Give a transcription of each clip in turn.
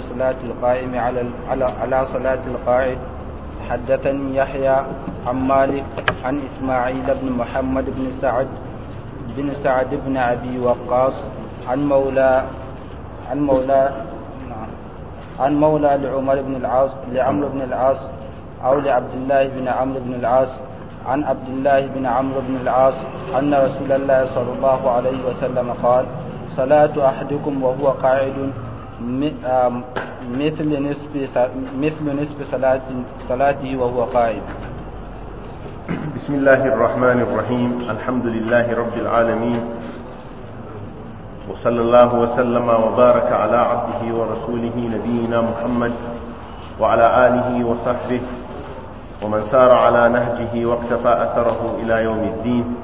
صلاة القائم على على صلاة القائد حدثني يحيى عن مالك عن إسماعيل بن محمد بن سعد بن سعد بن أبي وقاص عن مولى عن مولى نعم. عن مولى لعمر بن العاص لعمرو بن العاص أو لعبد الله بن عمرو بن العاص عن عبد الله بن عمرو بن العاص أن رسول الله صلى الله عليه وسلم قال صلاة أحدكم وهو قاعد آه، مثل نصف مثل نصف صلاة صلاته وهو قائم بسم الله الرحمن الرحيم الحمد لله رب العالمين وصلى الله وسلم وبارك على عبده ورسوله نبينا محمد وعلى آله وصحبه ومن سار على نهجه واقتفى أثره إلى يوم الدين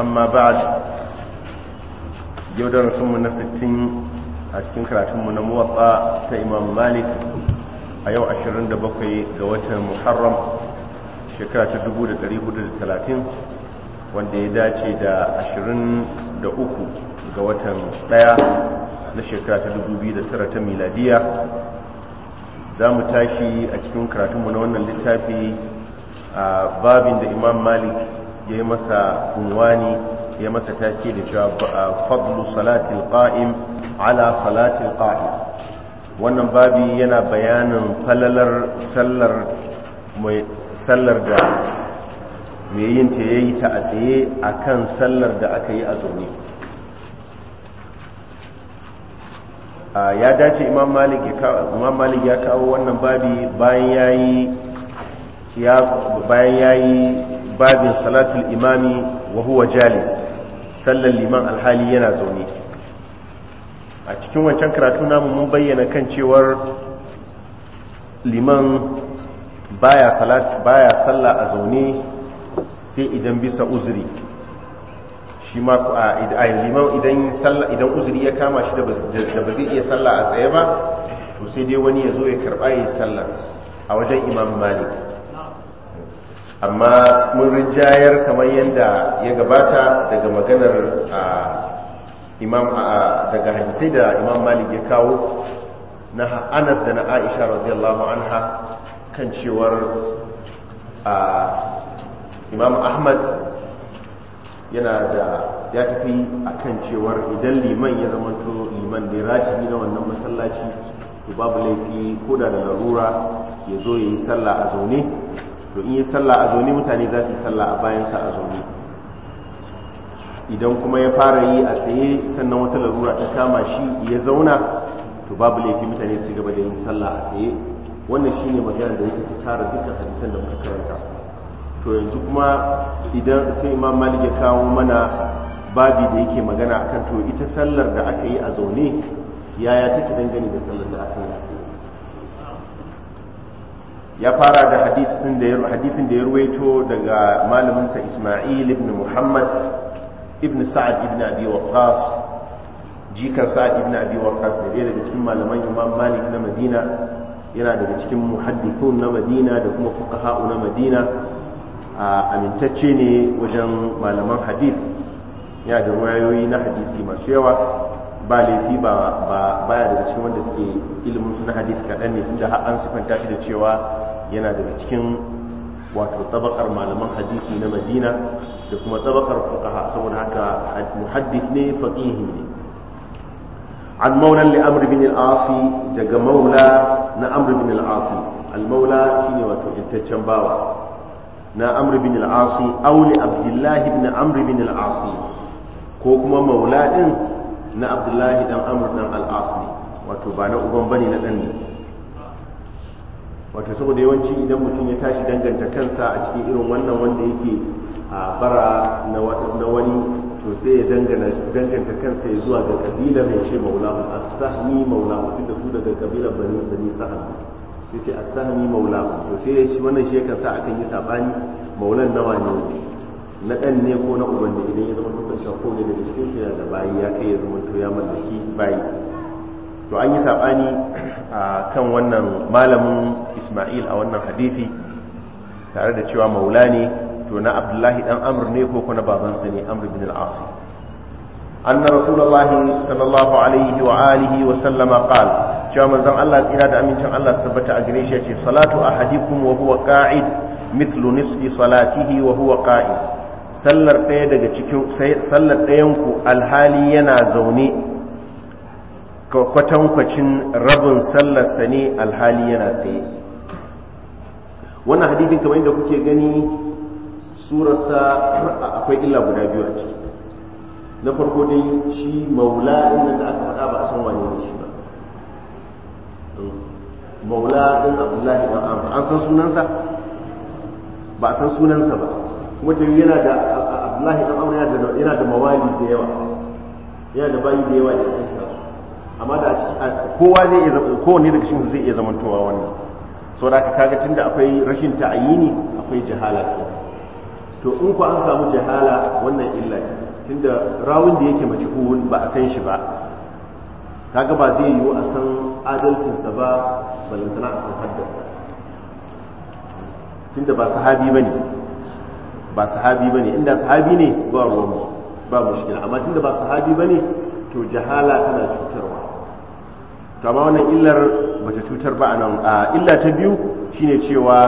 أما بعد يودر سمنا ستين a cikin karatunmu na muwatsa ta imam malik a yau 27 ga watan muharram shekara ta 1430 wanda ya dace da 23 ga watan 1 na shekara ta 2009 ta miladiya za mu tashi a cikin karatunmu na wannan littafi a babin da imam malik ya yi masa unwani ya masa taki da cewa fadlu salatil qa'im ala salatil qa'im wannan babi yana bayanin falalar sallar mai sallar da mai yin ta yayi ta a tsaye akan sallar da aka yi a zaune ya dace imam malik ya kawo wannan babi bayan yayi bayan ya yi babin salatul imami wa huwa jalis sallar liman alhali yana zaune a cikin wancan karatu namu mun bayyana kan cewar liman baya salat baya sallah a zaune sai idan bisa uzuri shi ma a liman idan uzuri ya kama shi da ba zai iya sallah a tsaye ba to sai dai wani ya zo ya karba ya yi a wajen imam malik amma mun rinjayar kamar yadda ya gabata daga maganar imam daga hadisai da imam malik ya kawo na anas da na aisha radiyallahu anha kan cewar imam ahmad yana da ya tafi a kan cewar idan liman ya zama to liman da ya ratibi na wannan masallaci to babu laifi ko da da larura ya zo ya yi sallah a zaune to in yi salla a zaune mutane za su yi sallah a bayansa a zaune idan kuma ya fara yi a tsaye sannan wata larura ta kama shi ya zauna to babu laifi mutane su gaba da yin salla a tsaye wannan shi ne magana da yake tara dukkan hadisan da muka karanta to yanzu kuma idan sai imam malik ya kawo mana babi da yake magana akan to ita sallar da aka yi a zaune yaya take dangane da sallar da aka yi a tsaye ya fara da hadisin da ya ruwaito daga malaminsa Ismail ibn Muhammad ibn Sa'ad ibn Abi Waqqas jikan Sa'ad ibn Abi Waqqas ne daga cikin malaman Imam Malik na Madina yana daga cikin muhaddithun na Madina da kuma fuqaha'u na Madina amintacce ne wajen malaman hadith ya da ruwayoyi na hadisi masu yawa ba laifi ba baya daga cikin wanda suke ilimin sunan hadith kaɗan ne tunda har an sifanta shi da cewa yana daga cikin wato tabakar malaman hadisi na madina da kuma tabakar fuqaha saboda haka muhaddis ne faqihi ne an maula li amr bin al-as daga maula na amr bin al-as al-maula shine wato intaccen bawa na amr bin al-as aw li abdullah ibn amr bin al-as ko kuma maula din na abdullahi dan amr dan al-as wato ba na uban bane na dan ne wato saboda yawanci idan mutum ya tashi danganta kansa a cikin irin wannan wanda yake a bara na wani to sai ya danganta kansa ya zuwa ga kabila mai ce maulahu as-sahmi maulahu duk da su daga kabila bani bani sahmi sai ce a sahmi maula to sai ya ci wannan shi yakan sa akan yi sabani maulan nawa ne na ɗan ne ko na uban da idan ya zama tukun shakko ne daga cikin shi da bayi ya kai ya zama to ya mallaki bayi to an yi saɓani a kan wannan malamin ismail a wannan hadithi tare da cewa maula ne to na abdullahi dan amr ne ko kuna babansa ne amr bin al-asi anna rasulullahi sallallahu alaihi wa alihi wa sallama qala cewa manzon Allah tsira da amincin Allah su tabbata a gare shi ce. salatu ahadikum wa huwa qa'id mithlu nisfi salatihi wa huwa qa'id sallar daya daga cikin sallar dayan ku alhali yana zaune kwatankwacin rabin sallarsa ne alhali yana tsaye wannan hadithin kamar yadda kuke gani surarsa akwai illa guda biyu a ciki na farko dai shi maula ɗin da aka faɗa ba a san wane ne shi ba maula din abdullahi ɗan amur an san sunansa ba a san sunansa ba kuma yana da abdullahi ɗan amur yana da mawali da yawa yana da bayi da yawa da amma da kowa zai iya zama kowanne daga cikin zai iya zamantowa wannan saboda ka kaga tunda akwai rashin ne akwai jahala ke to in ku an samu jahala wannan illa ce tunda rawun da yake majhul ba a san shi ba kaga ba zai yiwu a san adalcinsa ba balantana a san haddarsa tunda ba sahabi ba ne ba sahabi ba ne inda sahabi ne ba ruwan ba mushkila amma tunda ba sahabi ba ne to jahala tana cutarwa ta amma wannan illar bata cutar ba a a illa ta biyu shine cewa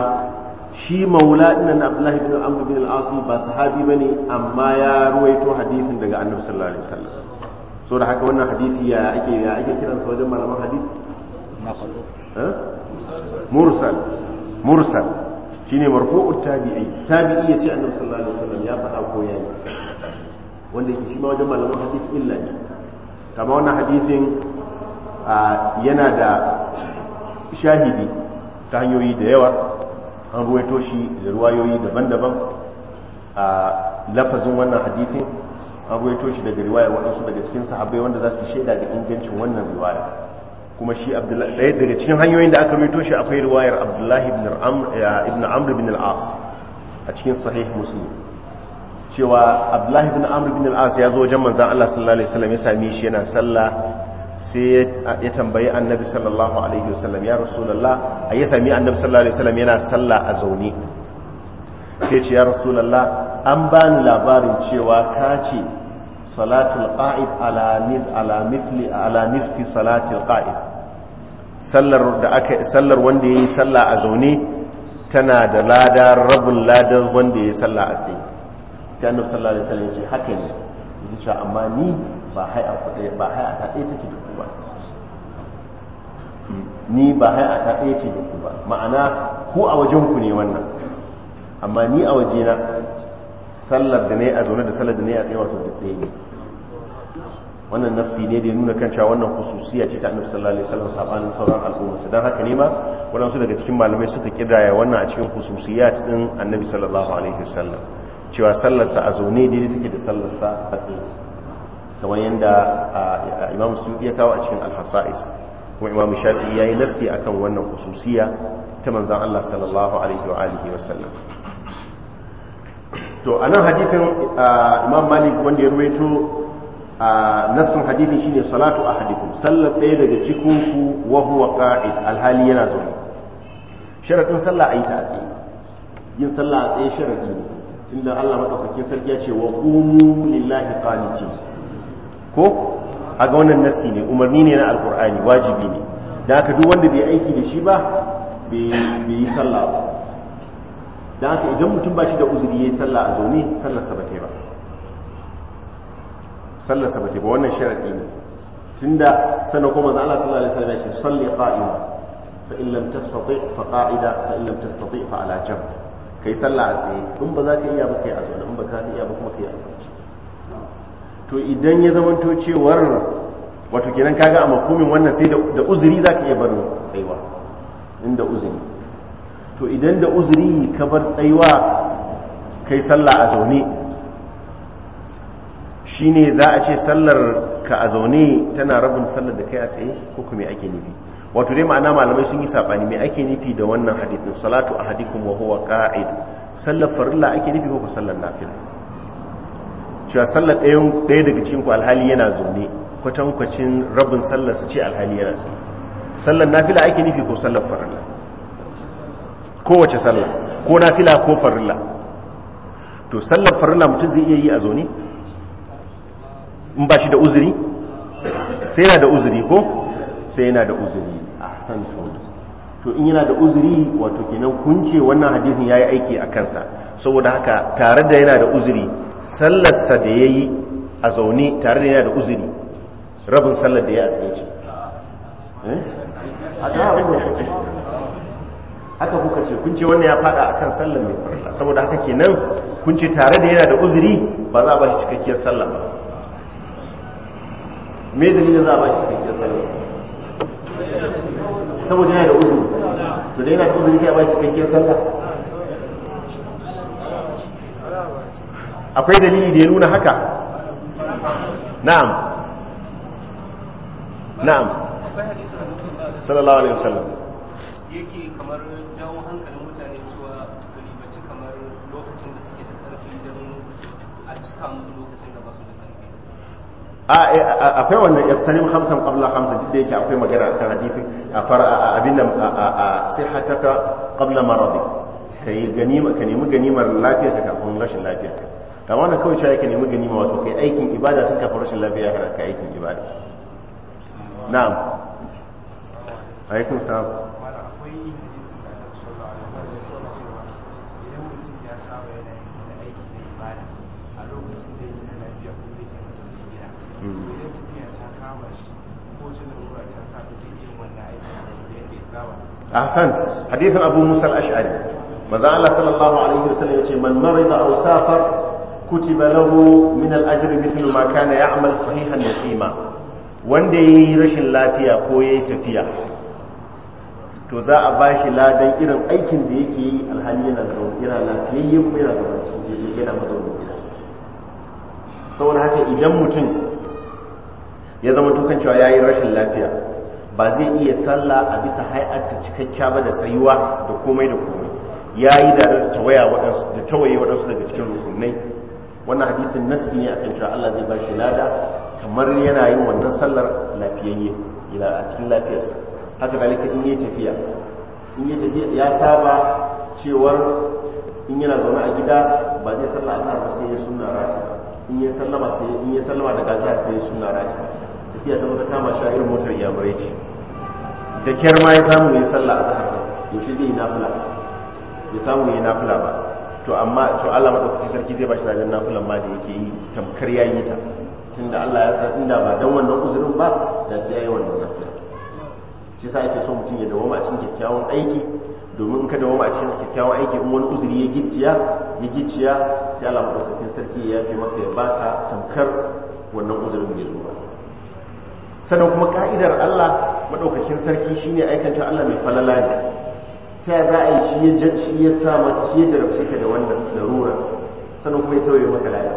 shi maula dinnan abdullahi bin amr bin al-as ba sahabi bane amma ya ruwaito hadisin daga annabi sallallahu alaihi wasallam so da haka wannan hadisi ya ake ya ake kiran sa wajen malaman hadisi mursal mursal shine marfu'ut tabi'i tabi'i yace annabi sallallahu alaihi wasallam ya faɗa ko yayi wanda shi ma wajen malaman hadisi illa ne kama wannan hadisin yana da shahidi ta hanyoyi da yawa an ruwaito shi da ruwayoyi daban-daban a lafazin wannan hadithin an ruwaito shi daga riwayar waɗansu daga cikin sahabbai wanda za su shaida da ingancin wannan riwaya kuma shi ɗaya daga cikin hanyoyin da aka ruwaito shi akwai riwayar abdullahi ibn amr bin al-as a cikin sahih muslim cewa abdullahi ibn amr bin al-as ya zo wajen manzan allah sallallahu alaihi wasallam ya same shi yana sallah sai ya tambayi annabi sallallahu alaihi wasallam ya rasulullah a ya sami annabi sallallahu alaihi wasallam yana sallah a zaune sai ce ya rasulullah an bani labarin cewa ka ce salatul qa'id ala mithli ala nisfi salatul qa'id sallar da aka sallar wanda yayi sallah a zaune tana da lada rabul ladan wanda yayi sallah a tsaye sai annabi sallallahu alaihi wasallam ya ce haka ne yace amma ni ba hai a kudai ba hai a tsaye take ni ba hai a ta ɗaya ce da ku ba ma'ana ku a wajenku ne wannan amma ni a waje na sallar da ne a zaune da sallar da ne a tsaye wato da ɗaya ne wannan nafsi ne da ya nuna kan cewa wannan khususiya ce ta annabi sallallahu alaihi wasallam sabanin sauran al'umma su dan haka ne ma wadansu daga cikin malamai suka kidaya wannan a cikin khususiyat din annabi sallallahu alaihi wasallam cewa sallarsa a zaune dai take da sallarsa a tsaye kamar yadda imam suyuti ya kawo a cikin al-hasa'is kuma imamu shafi'i yi nassi kan wannan khususiya ta manzan Allah sallallahu alaihi wa alihi wa sallam to nan hadithin imam malik wanda ya ruwaito nassin shi ne salatu a hadifin sallar ɗaya daga cikin ku wa huwa ƙa'id alhali yana zaune sharadin sallah ayi ta tsaye yin sallah a tsaye sharaɗi ne tunda Allah sarki ya ce wa qumu lillahi qanitin ko kaga wannan nassi ne umarni ne na alkur'ani wajibi ne da haka duk wanda bai aiki da shi ba bai yi sallah ba da haka idan mutum ba shi da uzuri ya yi sallah a zaune sallar sa ba ta sallar sa ba wannan sharadi ne tunda sannan kuma manzo Allah sallallahu alaihi wasallam ya ce salli qa'ima fa in lam tastati fa qa'ida fa in lam tastati fa ala jamb kai sallah a tsaye in ba za ka iya ba kai a zaune in ba ka iya ba kuma kai a zaune to idan ya zamanto cewar wato kenan kaga a makomin wannan sai da uzuri za ka iya barin tsaiwa inda uzuri to idan da uzuri ka bar tsaiwa kai sallah a zaune shi ne za a ce sallar ka a zaune tana rabin sallar da kai a tsaye ko kuma ake nufi wato dai ma'ana malamai sun yi sabani me ake nufi da wannan hadithin salatu ahadikum wa huwa ka'id sallar farilla ake nufi ko sallar nafila cewa sallar ɗaya daga cikin ku alhali yana zaune kwatankwacin rabin sallar su ce alhali yana zaune sallar nafila ake nufi ko sallar farilla kowace sallar ko nafila ko farilla to sallar farilla mutum zai iya yi a zaune in ba shi da uzuri sai yana da uzuri ko sai yana da uzuri a san to in yana da uzuri wato kenan kunce wannan hadisin yayi aiki a kansa saboda haka tare da yana da uzuri sallarsa da ya yi a zaune tare da yana da uzuri rabin sallar da ya a tsaye eh? ce haka kuka ce kun ce wannan ya fada akan sallar mai farla saboda haka kenan kun ce tare da yana da uzuri ba za a ba shi cikakkiyar sallah ba me dalilin za a ba shi cikakkiyar sallah saboda yana da uzuri to da yana da uzuri ya ba shi cikakkiyar sallah akwai dalili da ya nuna haka na'am na'am sallallahu alaihi wasallam yake kamar jawo hankalin mutane cewa su ribaci kamar lokacin da suke da karfi don a cika musu lokacin da ba su da karfi akwai wannan yabtanim hamsan qabla hamsan duk da yake akwai magana akan hadisi a fara a abin da a sai hataka qabla maradi kai ganima ka nemi ganimar lafiyarka kafin rashin lafiyarka a wannan kawai cewa ka nemi ganima wato kai aikin ibada sun kafa rashin lafiya ya ka aikin ibada na'am alaikum salam ahsan hadithin abu musa al-ash'ari manzo Allah sallallahu alaihi wasallam yace man marida aw kutiba lahu min al-ajri mithlu ma kana ya'mal sahihan Nasima, wanda yayi rashin lafiya ko yayi tafiya to za a bashi ladan irin aikin da yake yi alhali yana zo yana lafiyayye kuma yana zaune cikin yana mazauni gida saboda haka idan mutum ya zama tukan cewa yayi rashin lafiya ba zai iya sallah a bisa hay'ar ta cikakkiya ba da tsayuwa da komai da komai yayi da tawaya waɗansu da tawaye waɗansu daga cikin rukunai wannan hadisin nassi ne akan cewa Allah zai ba shi lada kamar yana yin wannan sallar lafiyayye ila a cikin lafiyarsa haka zalika in yi tafiya in yi tafiya ya taba cewar in yana zaune a gida ba zai sallah a ba sai ya sunna rashi in ya sallama sai in ya sallama da jihar sai ya sunna rashi tafiya ta mata kama shi a irin motar yamurai ce da kyar ma ya samu ya sallah a zahar yaushe zai yi nafila ya samu ya nafila ba to amma to Allah madaukaki sarki zai bashi ladan nafilan ma da yake yi tamkar yayin ta tunda Allah ya san inda ba dan wannan uzurin ba da sai yayi wannan nafila shi yasa ake so mutum ya dawoma a cikin kyakkyawan aiki domin ka dawoma a cikin kyakkyawan aiki in wani uzuri ya gicciya ya gicciya sai Allah madaukaki sarki ya fi maka ya baka tamkar wannan uzurin ya zo ba sannan kuma ka'idar Allah madaukakin sarki shine aikanta Allah mai falala ne ta za a yi shi ya sa mata shi ya jarabce ka da wannan larura sannan kuma ya tauye maka lada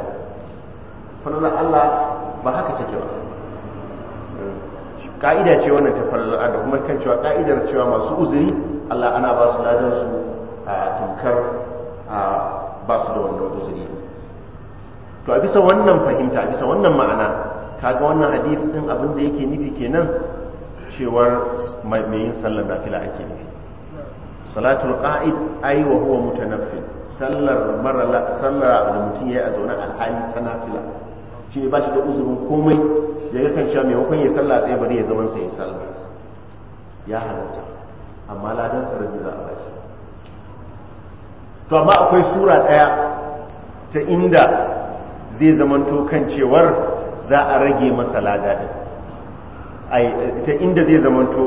falalar Allah ba haka take ba ka'ida ce wannan ta fara da kuma kan cewa ka'idar cewa masu uzuri Allah ana ba su ladan su a tamkar a ba su da wannan uzuri to a bisa wannan fahimta a bisa wannan ma'ana kaga wannan hadith din abin da yake nufi kenan cewar mai yin sallar fila ake nufi salatul qa'id ay wa huwa mutanaffil sallar mara la sallar da mutum yayi a zaune alhali ta nafila shi ne ba shi da uzurin komai da ya kan cewa maimakon ya sallah sai bari ya zaman sai ya sallah ya halatta amma ladan sa rabi za a bashi to amma akwai sura daya ta inda zai zamanto kan cewar za a rage masa lada ta inda zai zamanto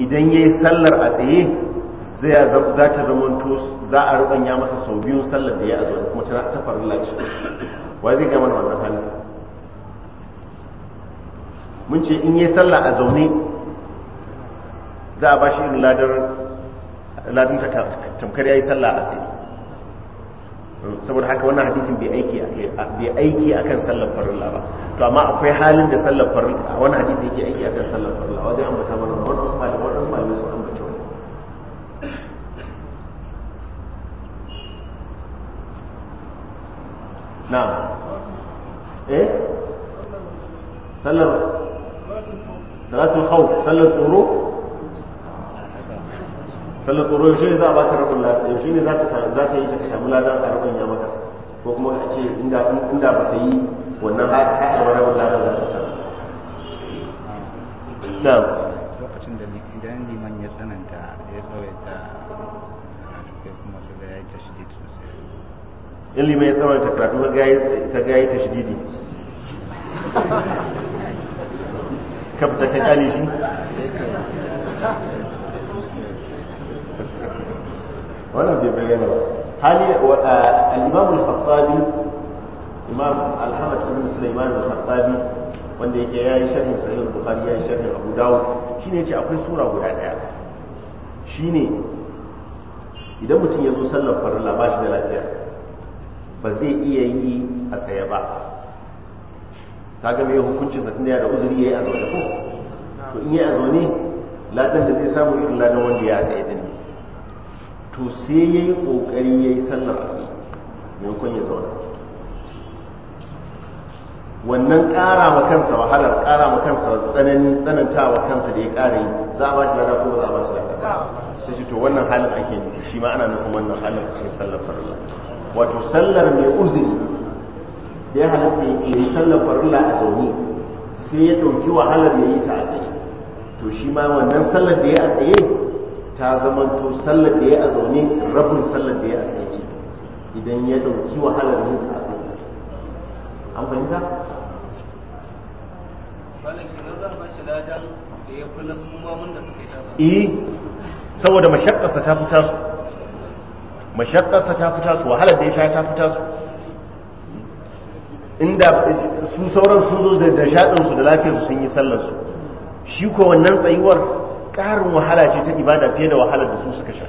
idan yayi sallar a tsaye za ta zamanto za a rubanya masa sau biyu sallar da ya a zuwa kuma ta faru laci wa zai gama wannan hali mun ce in yi sallah a zaune za a ba shi irin ladar ta tamkar ya yi sallah a sai saboda haka wannan hadisin bai aiki a kan akan sallar farilla ba to amma akwai halin da sallar farilla wannan hadisi yake aiki akan sallar farilla wajen ambata mana wannan usman na eh sallar salatul khawf sallar tsoro sallar tsoro yaushe ne za a baka rabin lada yaushe ne za ka yi ka samu lada a rabin ya maka ko kuma ka ce inda inda ba ta yi wannan haɗa rabin lada za ka in liman ya saman ta karatu ka gaya ta shididi kabta ka kyale shi wannan bai bayyana ba hali al-imam al-khattabi imam al-hamad ibn sulaiman al-khattabi wanda yake yayi sharhin sahih bukhari yayi sharhin abu dawud shine yace akwai sura guda daya shine idan mutum ya zo sallar farilla ba shi da lafiya ba zai iya yi a tsaye ba kaga mai hukuncin sa tunda ya da uzuri yayi a zaune ko to in yayi a zaune ladan da zai samu irin ladan wanda ya tsaye din to sai yayi kokari yayi sallar asali maimakon ya zauna wannan ƙara ma kansa wahalar ƙara ma kansa tsanani tsananta wa kansa da ya ƙare za a ba shi lada ko ba za a ba shi lada sai shi to wannan halin ake nufi shi ma ana nufin wannan halin cikin sallar farilla wato sallar mai uzuri da ya halatta ya yi sallar farilla a zaune sai ya ɗauki wahalar ya yi ta a tsaye to shi ma wannan sallar da ya a tsaye ta to sallar da ya a zaune rabin sallar da ya a tsaye ce idan ya ɗauki wahalar yin ta a tsaye an fahimta? eh saboda mashakkarsa ta fi tasu mashakkarsa ta fita su wahalar da ya sha ta fita su inda su sauran sun zo da shaɗinsu da lafiyarsu sun yi sallarsu shi ko wannan tsayuwar ƙarin wahala ce ta ibada fiye da wahalar da su suka sha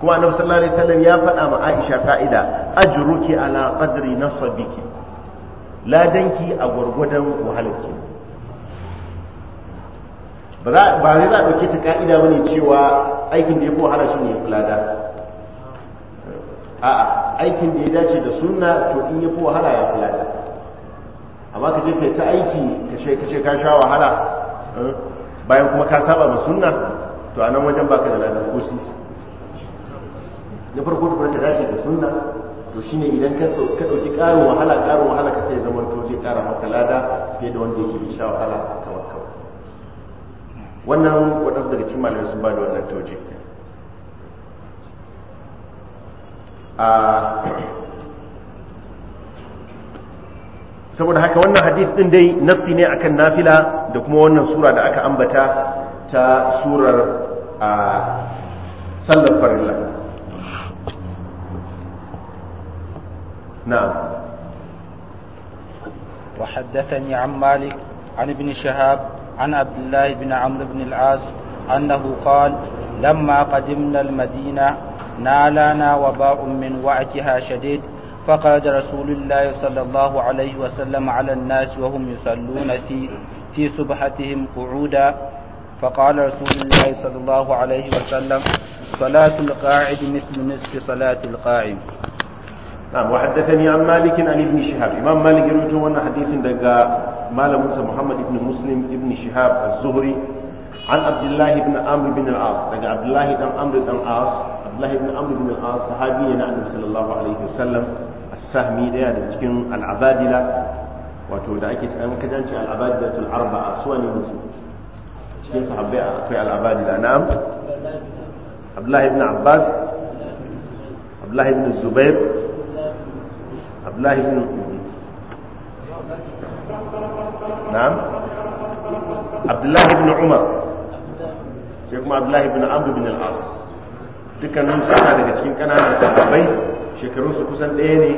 kuma annabi sallallahu alaihi wasallam ya faɗa ma Aisha ka'ida ajruki ala qadri nasabiki ladanki a gwargwadon wahalarki ba zai za a ɗauke ta ka'ida bane cewa aikin da ya fi wahala shi ne ya fi lada a'a aikin da ya dace da sunna to in ya fi wahala ya fi lada amma ka je kai ta aiki ka ce ka sha wahala eh, bayan kuma ka saba da sunna to a nan wajen baka da ladan ko sisi na farko kuma ka dace da sunna to shine idan ka ɗauki ƙarin wahala ƙarin wahala ka sai zaman to zai ƙara maka lada fiye da wanda yake bi sha wahala tawakkal wannan wadanda daga cikin malamai sun ba da wannan tauje saboda haka wannan hadith ɗin dai nassi ne akan nafila da kuma wannan sura da aka ambata ta surar a sallar farilla na'am wa haddathani an malik an ibn shahab an abdullah ibn amr ibn al-as annahu qala lamma qadimna al-madina نالانا وباء من وعكها شديد فقد رسول الله صلى الله عليه وسلم على الناس وهم يصلون في, في سبحتهم قعودا فقال رسول الله صلى الله عليه وسلم صلاة القاعد مثل نصف صلاة القائم نعم وحدثني عن مالك عن ابن شهاب إمام مالك يرجو لنا حديث دقاء مال موسى محمد بن مسلم ابن شهاب الزهري عن عبد الله بن عمرو بن العاص دقاء عبد الله بن عمرو بن العاص الله بن عمرو بن العاص صحابي عن النبي صلى الله عليه وسلم السهمي ده من cikin al-abadila wato da ake tsayan ka janci al-abadilatul arba'a su ne musu cikin sahabbai akwai al-abadila na'am Abdullah ibn abbas Abdullah ibn zubair Abdullah ibn na'am Abdullah ibn umar sai kuma Abdullah ibn amr ibn al-as dukkanin suna daga cikin kananan sahabbai shekarun su kusan ɗaya ne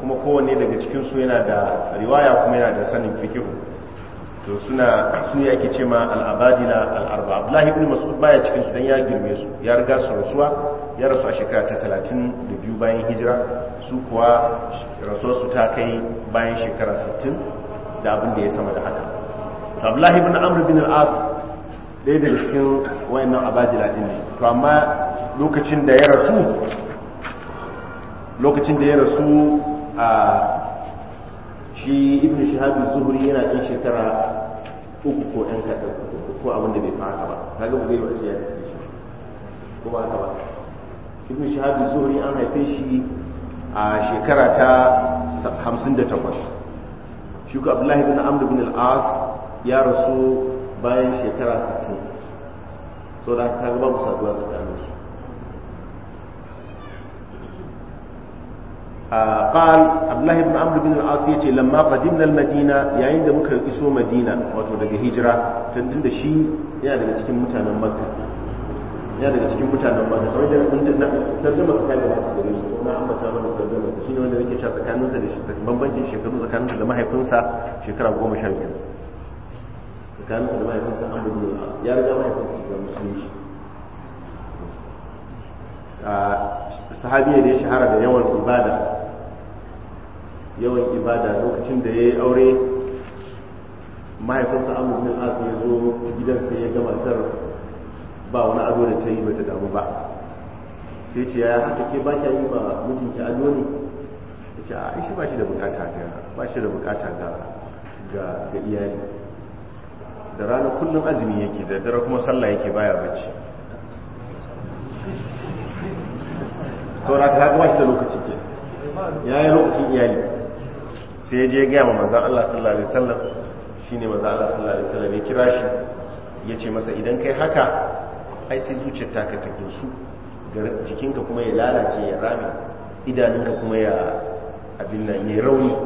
kuma kowanne daga cikin su yana da riwaya kuma yana da sanin fikihu to suna su ne ake ce ma al'abadila al'arba abdullahi ibn mas'ud baya cikin su dan ya girme su ya riga su rasuwa ya rasu a shekara ta talatin da biyu bayan hijira su kuwa rasuwar su ta kai bayan shekara sittin da abin da ya sama da haka abdullahi ibn amr bin al ɗaya daga cikin wayannan abadila din ne to amma lokacin da ya rasu lokacin da ya rasu a shi ibn shahabi zuhuri yana ɗin shekara uku ko ɗan kaɗan ko abin da bai fara haka ba kaga ba zai wace ya tafi shi ko ba ba ibn shahabi zuhuri an haife shi a shekara ta hamsin da takwas shi ko abdullahi bin amr bin al-as ya rasu bayan shekara sittin so da ta kaga babu saduwa tsakaninsu قال عبد الله بن عمرو بن العاص يتي lamma قدمنا المدينه يعني yayin da muka iso madina wato daga hijira tun da shi yana daga cikin mutanen makka yana daga cikin mutanen makka kawai da kun da tarjuma ta kai da gare shi na ambata mana tarjuma ta shine wanda yake cewa tsakaninsa da shi bambancin shekaru tsakaninsa da mahaifinsa shekara 15 tsakaninsa da mahaifinsa Amr bin al-As ya riga mahaifinsa ga musulunci sahabi ne da ya shahara da yawan ibada yawan ibada lokacin da ya yi aure mahaifinsa amur bin as ya zo gidan sai ya gama tar ba wani ado da ta yi bata damu ba sai ce ya haka ke ba kya yi mutum ki ado ne ya ce a shi ba shi da bukata ga ba shi da bukata ga ga iyali da rana kullum azumi yake da dare kuma sallah yake baya bacci saura ta ga shi da lokaci ke ya yi lokacin iyali sai je gaya ma manzan Allah sallallahu alaihi wasallam shine manzan Allah sallallahu alaihi wasallam ya kira shi ya ce masa idan kai haka ai sai zuciyar ta ka su jikinka kuma ya lalace ya rame idanunka kuma ya abin nan ya rauni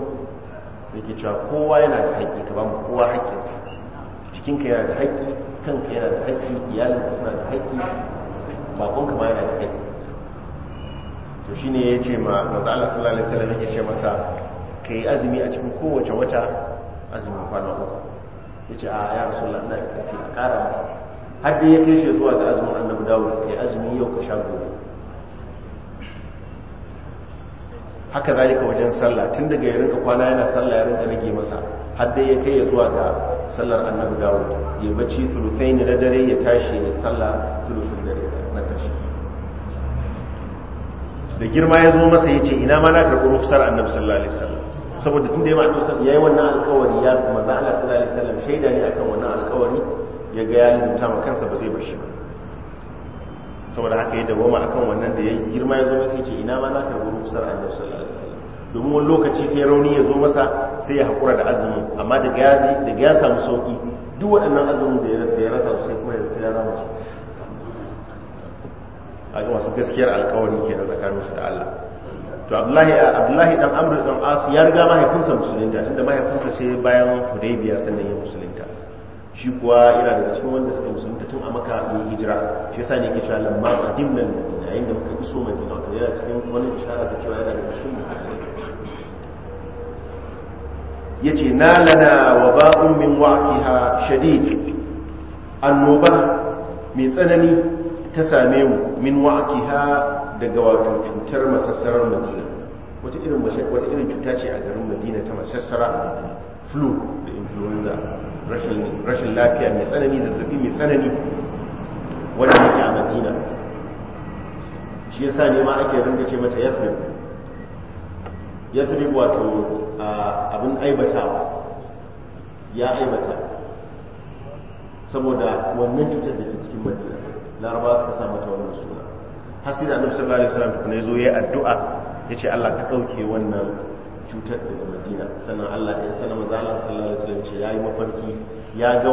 yake cewa kowa yana da haƙƙi ka ba mu kowa sa jikinka yana da haƙƙi kanka yana da haƙƙi iyalinka suna da haƙƙi bakonka ma yana da haƙƙi to shine ya ce ma manzo Allah sallallahu alaihi wasallam yake ce masa ka yi azumi a cikin kowace wata azumin kwana uku ya ce a ya rasu lalata ina fi a ƙara maka har da ya kai shi zuwa ga azumin annabi dawud ka yi azumi yau ka sha gobe haka za ka wajen sallah tun daga ya rinka kwana yana sallah ya rinka rage masa har dai ya kai ya zuwa ga sallar annabi dawud ya bacci ne na dare ya tashi ya sallah thuluthun dare na tashi da girma ya zo masa ya ce ina ma na karɓi rufsar annabi sallallahu alaihi wasallam saboda tun da ya ma'aikata sun yayi wannan alkawari ya kuma za Allah sallallahu alaihi wasallam shaida ne akan wannan alkawari ya ga ya lizumta ma kansa ba zai bar shi ba saboda haka ya dawoma akan wannan da ya girma ya zama sai ce ina ma na karbi rukusar annabi sallallahu alaihi wasallam domin wani lokaci sai rauni ya zo masa sai ya hakura da azumi amma da gazi ya samu sauki duk waɗannan azumin da ya rasa su sai kuma ya rama su a ga masu gaskiyar alkawari ke tsakanin tsakaninsu da Allah to abdullahi abdullahi dan amr dan as ya riga mahaifinsa musulunta tunda mahaifinsa sai bayan hudaybiya sannan ya musulunta shi kuwa yana da cikin wanda suka musulunta tun a maka ne hijira shi yasa ne yake cewa lamma qadimna madina yayin da muka iso madina to yana cikin wani ishara da cewa yana da cikin yace nalana wa ba'un min wa'tiha shadid annoba mai tsanani ta same mu min wa'akiha daga wato cutar masassarar madina wata irin wata irin cuta ce a garin madina ta masassara flu da influenza rashin lafiya mai tsanani zazzabi mai tsanani wanda yake a madina shi yasa ne ma ake ringa ce mata yathrib yathrib wato abin aibata ya aibata saboda wannan cutar da ke cikin madina laraba suka sa mata wannan suna har sai da annabi sallallahu alaihi wasallam kuma yazo yayi addu'a yace Allah ka dauke wannan cutar daga Madina sannan Allah ya sanar manzo Allah sallallahu alaihi wasallam ce yayi mafarki ya ga